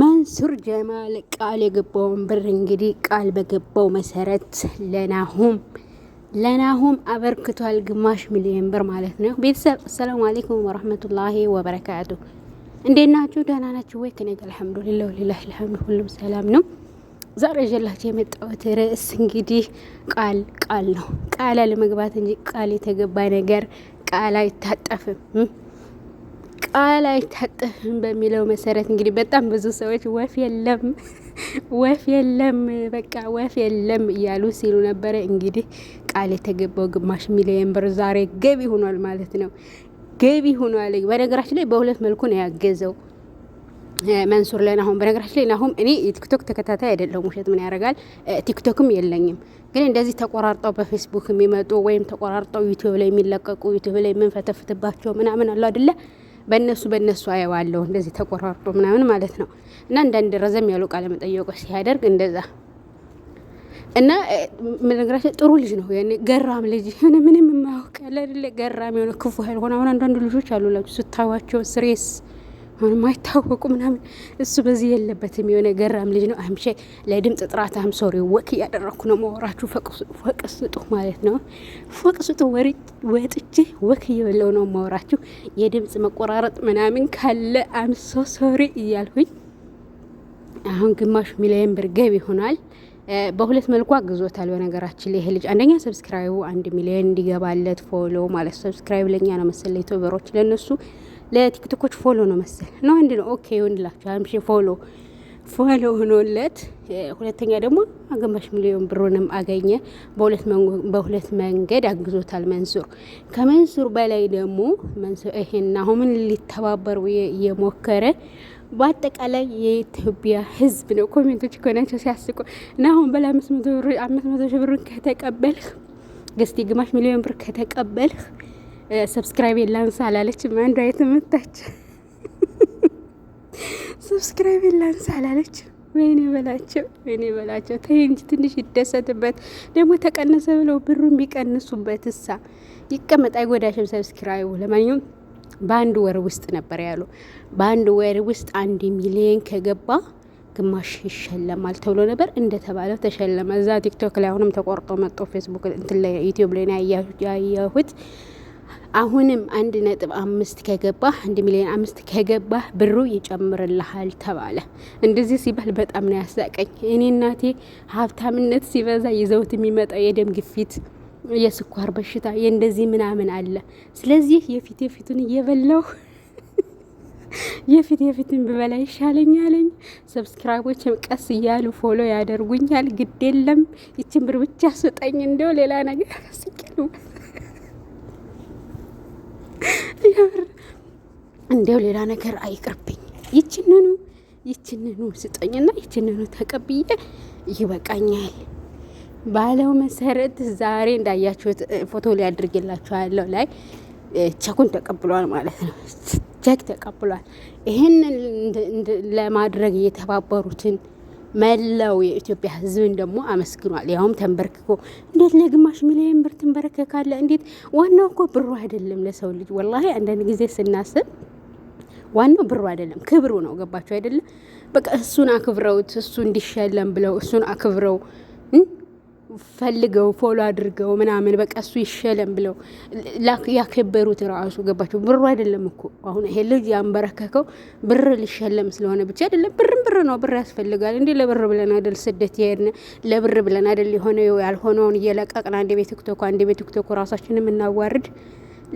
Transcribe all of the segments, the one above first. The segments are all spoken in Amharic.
መንሱር ጀማል ቃል የገባውን ብር እንግዲህ ቃል በገባው መሰረት ለናሁም ለናሁም አበርክቷል። ግማሽ ሚሊዮን ብር ማለት ነው። ቤተሰብ አሰላሙ አሌይኩም ወረህመቱላሂ ወበረካቱ። እንዴት ናችሁ? ደህና ናችሁ ወይ? ከነገ አልሐምዱሊላ ወሊላ ልሐምዱ ሁሉም ሰላም ነው። ዛሬ ይዤላችሁ የመጣሁት ርዕስ እንግዲህ ቃል ቃል ነው። ቃል አለመግባት እንጂ ቃል የተገባ ነገር ቃል አይታጠፍም። አላይታጠፍም በሚለው መሰረት እንግዲህ በጣም ብዙ ሰዎች ወፍ የለም ወፍ የለም በቃ ወፍ የለም እያሉ ሲሉ ነበረ። እንግዲህ ቃል የተገባው ግማሽ ሚሊዮን ብር ዛሬ ገቢ ሆኗል ማለት ነው። ገቢ ሆኗል። በነገራችን ላይ በሁለት መልኩ ነው ያገዘው መንሱር ለናሁም። በነገራችን ላይ ናሁም እኔ የቲክቶክ ተከታታይ አይደለሁም፣ ውሸት ምን ያደርጋል። ቲክቶክም የለኝም ግን እንደዚህ ተቆራርጠው በፌስቡክ የሚመጡ ወይም ተቆራርጠው ዩቲዩብ ላይ የሚለቀቁ ዩቲዩብ ላይ የምንፈተፍትባቸው ምናምን አሉ አይደለ በእነሱ በእነሱ አየዋለሁ እንደዚህ ተቆራርጦ ምናምን ማለት ነው። እና አንዳንድ ረዘም ያሉ ቃለ መጠየቆች ሲያደርግ እንደዛ እና መነግራቸው ጥሩ ልጅ ነው። ያኔ ገራም ልጅ ሆነ ምንም የማያውቅ ያለ ገራም የሆነ ክፉ ኃይል ሆነ። አሁን አንዳንዱ ልጆች አሉላችሁ ስታዋቸው ስሬስ አሁንም አይታወቁ ምናምን እሱ በዚህ የለበትም። የሆነ ገራም ልጅ ነው። አምሼ ለድምፅ ጥራት አም ሶሪ ወክ እያደረግኩ ነው። ማወራችሁ ፈቅስጡ ማለት ነው። ፈቅስጡ ወጥቼ ወክ እየበለው ነው መወራችሁ። የድምፅ መቆራረጥ ምናምን ካለ አምሶ ሶሪ እያልሁኝ አሁን ግማሹ ሚሊየን ብር ገቢ ይሆናል። በሁለት መልኩ አግዞታል። በነገራችን ላይ ይሄ ልጅ አንደኛ ሰብስክራይቡ አንድ ሚሊዮን እንዲገባለት ፎሎ ማለት ሰብስክራይብ ለእኛ ነው መሰለ ቶበሮች ለእነሱ ለቲክቶኮች ፎሎ ነው መሰል ነው እንዲ ነው ኦኬ ይሆንላቸው አምሽ ፎሎ ፎሎ ሆኖለት፣ ሁለተኛ ደግሞ ግማሽ ሚሊዮን ብሩንም አገኘ። በሁለት መንገድ አግዞታል መንሱር። ከመንሱር በላይ ደግሞ መንሱር ይሄና አሁን ሊተባበሩ የሞከረ በአጠቃላይ የኢትዮጵያ ሕዝብ ነው። ኮሜንቶች ከሆናቸው ሲያስቁ እና አሁን በላይ አምስት መቶ ሺህ ብሩን ከተቀበልህ ገስቲ ግማሽ ሚሊዮን ብር ከተቀበልህ ሰብስክራይብ የላንሳ አላለችም። አንዷ የተመታች ሰብስክራይብ የላንሳ አላለችም። ወይኔ በላቸው፣ ወይኔ በላቸው። ተይ እንጂ ትንሽ ይደሰትበት። ደግሞ ተቀነሰ ብለው ብሩን ቢቀንሱበት እሳ ይቀመጥ፣ አይጎዳሽም ሰብስክራይቡ። ለማንኛውም በአንድ ወር ውስጥ ነበር ያሉ፣ በአንድ ወር ውስጥ አንድ ሚሊዮን ከገባ ግማሽ ይሸለማል ተብሎ ነበር። እንደተባለው ተሸለመ። እዛ ቲክቶክ ላይ አሁንም ተቆርጦ መጦ ፌስቡክ እንትን ላይ ዩቲዩብ ላይ ያያሁት አሁንም አንድ ነጥብ አምስት ከገባህ አንድ ሚሊዮን አምስት ከገባህ ብሩ ይጨምርልሃል ተባለ። እንደዚህ ሲባል በጣም ነው ያሳቀኝ። እኔ እናቴ ሀብታምነት ሲበዛ ይዘውት የሚመጣው የደም ግፊት የስኳር በሽታ የእንደዚህ ምናምን አለ። ስለዚህ የፊት የፊቱን እየበላሁ የፊት የፊትን ብበላ ይሻለኛለኝ። ሰብስክራይቦችም ቀስ እያሉ ፎሎ ያደርጉኛል። ግድ የለም ይችን ብር ብቻ ስጠኝ፣ እንደው ሌላ ነገር ስቅሉ የምር እንደው ሌላ ነገር አይቅርብኝ፣ ይችንኑ ይችንኑ ስጠኝና ይችንኑ ተቀብዬ ይበቃኛል ባለው መሰረት ዛሬ እንዳያችሁት ፎቶ ላይ አድርጌላችኋለሁ ላይ ቸኩን ተቀብሏል ማለት ነው። ቸክ ተቀብሏል። ይህንን ለማድረግ የተባበሩትን መላው የኢትዮጵያ ህዝብን ደግሞ አመስግኗል። ያውም ተንበርክኮ እንዴት ለግማሽ ሚሊዮን ብር ትንበረከካለ? እንዴት ዋናው እኮ ብሩ አይደለም ለሰው ልጅ ወላሂ አንዳንድ ጊዜ ስናስብ ዋናው ብሩ አይደለም፣ ክብሩ ነው። ገባቸው አይደለም? በቃ እሱን አክብረውት እሱ እንዲሸለም ብለው እሱን አክብረው ፈልገው ፎሎ አድርገው ምናምን በቃ እሱ ይሸለም ብለው ያከበሩት ራሱ ገባቸው። ብሩ አይደለም እኮ አሁን ይሄ ልጅ ያንበረከከው ብር ሊሸለም ስለሆነ ብቻ አይደለም። ብርም ብር ነው፣ ብር ያስፈልጋል። እንዲህ ለብር ብለን አይደል ስደት የሄድን? ለብር ብለን አይደል የሆነ ያልሆነውን እየለቀቅን አንድ ቤት ክቶኮ አንድ ቤት ክቶኮ ራሳችን የምናዋርድ።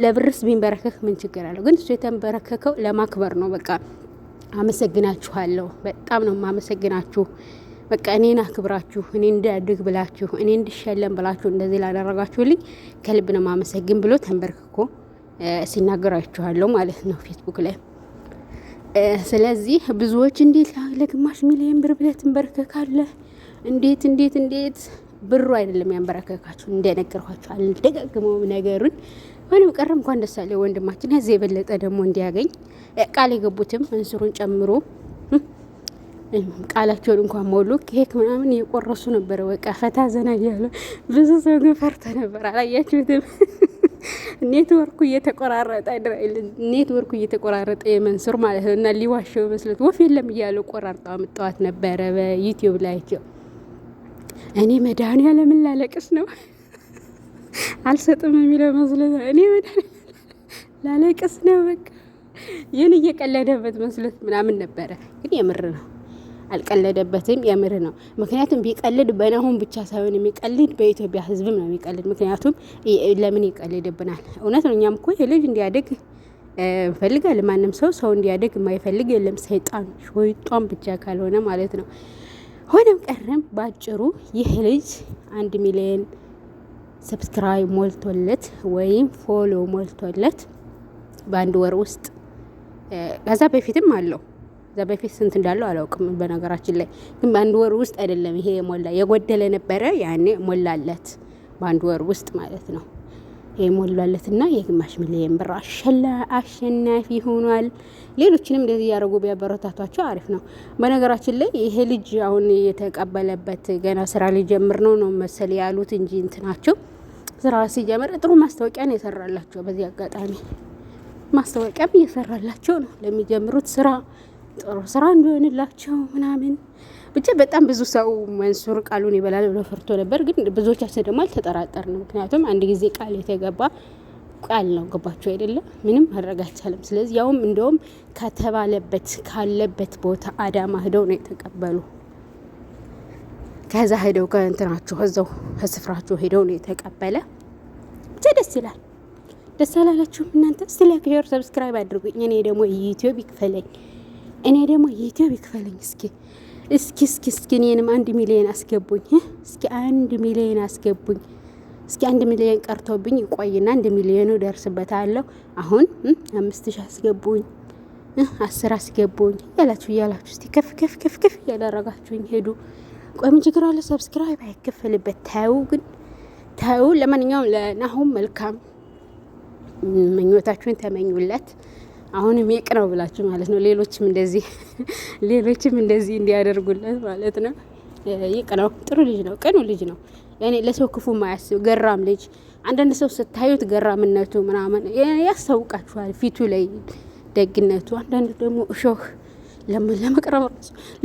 ለብርስ ቢንበረከክ ምን ችግር አለው? ግን እሱ የተንበረከከው ለማክበር ነው። በቃ አመሰግናችኋለሁ። በጣም ነው የማመሰግናችሁ። በቃ እኔን አክብራችሁ እኔ እንዳድግ ብላችሁ እኔ እንድሸለም ብላችሁ እንደዚህ ላደረጋችሁልኝ ከልብ ነው ማመሰግን ብሎ ተንበርክኮ ሲናገራችኋለሁ ማለት ነው ፌስቡክ ላይ። ስለዚህ ብዙዎች እንዴት ለግማሽ ሚሊዮን ብር ብለህ ትንበርከካለህ? እንዴት እንዴት እንዴት ብሩ አይደለም ያንበረከካችሁ፣ እንደነገርኳችሁ አልደጋግመው ነገሩን። ሆኖም ቀረ እንኳን ደስ አለ ወንድማችን። ከዚህ የበለጠ ደግሞ እንዲያገኝ ቃል የገቡትም እንስሩን ጨምሮ ቃላቸውን እንኳን ሞሉ። ኬክ ምናምን እየቆረሱ ነበረ። በቃ ፈታ ዘና እያሉ ብዙ ሰው ግን ፈርተ ነበር። አላያችሁትም? ኔትወርኩ እየተቆራረጠ ኔትወርኩ እየተቆራረጠ የመንሱር ማለት ነው። እና ሊዋሸው መስሎት ወፍ የለም እያለ ቆራርጣ ምጠዋት ነበረ በዩትዩብ ላይቸው። እኔ መድኃኒዓለም ላለቅስ ነው አልሰጥም የሚለው መስሎት እኔ መድኃኒዓለም ላለቅስ ነው በቃ ይህን እየቀለደበት መስሎት ምናምን ነበረ፣ ግን የምር ነው። አልቀለደበትም። የምር ነው። ምክንያቱም ቢቀልድ በናሁን ብቻ ሳይሆን የሚቀልድ በኢትዮጵያ ሕዝብም ነው የሚቀልድ። ምክንያቱም ለምን ይቀልድብናል? እውነት ነው። እኛም እኮ የልጅ እንዲያደግ እንፈልጋለን። ማንም ሰው ሰው እንዲያደግ የማይፈልግ የለም፣ ሰይጣን ሾይጧን ብቻ ካልሆነ ማለት ነው። ሆነም ቀረም ባጭሩ ይህ ልጅ አንድ ሚሊዮን ሰብስክራይብ ሞልቶለት ወይም ፎሎ ሞልቶለት በአንድ ወር ውስጥ ከዛ በፊትም አለው እዛ በፊት ስንት እንዳለው አላውቅም። በነገራችን ላይ ግን በአንድ ወር ውስጥ አይደለም ይሄ ሞላ የጎደለ ነበረ ያኔ ሞላለት በአንድ ወር ውስጥ ማለት ነው። የሞላለትና የግማሽ ሚሊየን ብር አሸላ አሸናፊ ሆኗል። ሌሎችንም እንደዚህ እያደረጉ ቢያበረታቷቸው አሪፍ ነው። በነገራችን ላይ ይሄ ልጅ አሁን የተቀበለበት ገና ስራ ሊጀምር ነው ነው መሰል ያሉት እንጂ እንትናቸው ስራ ሲጀምር ጥሩ ማስታወቂያን የሰራላቸው በዚህ አጋጣሚ ማስታወቂያም እየሰራላቸው ነው ለሚጀምሩት ስራ ጥሩ ስራ እንዲሆንላቸው ምናምን ብቻ በጣም ብዙ ሰው መንሱር ቃሉን ይበላል ብሎ ፈርቶ ነበር። ግን ብዙዎቻችን ደግሞ አልተጠራጠርንም። ምክንያቱም አንድ ጊዜ ቃል የተገባ ቃል ነው። ገባቸው አይደለም? ምንም ማድረግ አይቻልም። ስለዚህ ያውም እንደውም ከተባለበት ካለበት ቦታ አዳማ ሄደው ነው የተቀበሉ። ከዛ ሄደው ከእንትናቸው እዛው ከስፍራቸው ሄደው ነው የተቀበለ። ብቻ ደስ ይላል። ደስ አላላችሁም እናንተ? ስለ ክር ሰብስክራይብ አድርጉኝ። እኔ ደግሞ ዩቲዩብ ይክፈለኝ። እኔ ደግሞ የኢትዮ ይክፈለኝ እስኪ እስኪ እስኪ እስኪ እኔንም አንድ ሚሊዮን አስገቡኝ። እስኪ አንድ ሚሊዮን አስገቡኝ። እስኪ አንድ ሚሊዮን ቀርቶብኝ ይቆይና አንድ ሚሊዮኑ ደርስበታለሁ። አሁን አምስት ሺህ አስገቡኝ፣ አስር አስገቡኝ እያላችሁ እያላችሁ እስቲ ከፍ ከፍ ከፍ ከፍ እያደረጋችሁኝ ሄዱ። ቆይም ምን ችግር አለ? ሰብስክራይብ አይከፈልበት ታዩ፣ ግን ታዩ። ለማንኛውም ለናሁም መልካም ምኞታችሁን ተመኙለት። አሁንም ይቅ ነው ብላችሁ ማለት ነው። ሌሎችም እንደዚህ ሌሎችም እንደዚህ እንዲያደርጉለት ማለት ነው። ይቅ ነው። ጥሩ ልጅ ነው። ቅኑ ልጅ ነው። ያኔ ለሰው ክፉ ማያስብ ገራም ልጅ። አንዳንድ ሰው ስታዩት ገራምነቱ ምናምን ያስታውቃችኋል ፊቱ ላይ ደግነቱ። አንዳንዱ ደግሞ እሾህ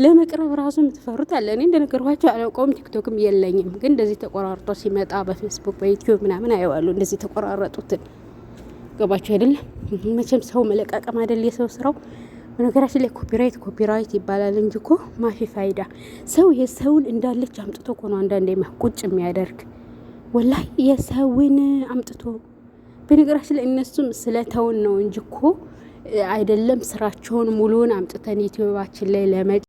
ለመቅረብ ራሱ የምትፈሩት አለ። እኔ እንደነገርኳቸው አላውቀውም፣ ቲክቶክም የለኝም። ግን እንደዚህ ተቆራርጦ ሲመጣ በፌስቡክ በዩትዩብ ምናምን አየዋሉ እንደዚህ ተቆራረጡትን ገባችሁ አይደለም? መቼም ሰው መለቃቀም አይደል የሰው ስራው። በነገራችን ላይ ኮፒራይት ኮፒራይት ይባላል እንጂ እኮ ማፊ ፋይዳ ሰው የሰውን እንዳለች አምጥቶ እኮ ነው አንዳንዴ ቁጭ የሚያደርግ ወላሂ፣ የሰውን አምጥቶ በነገራችን ላይ እነሱም ስለተውን ነው እንጂ እኮ አይደለም ስራቸውን ሙሉውን አምጥተን ዩቲዩባችን ላይ ለመ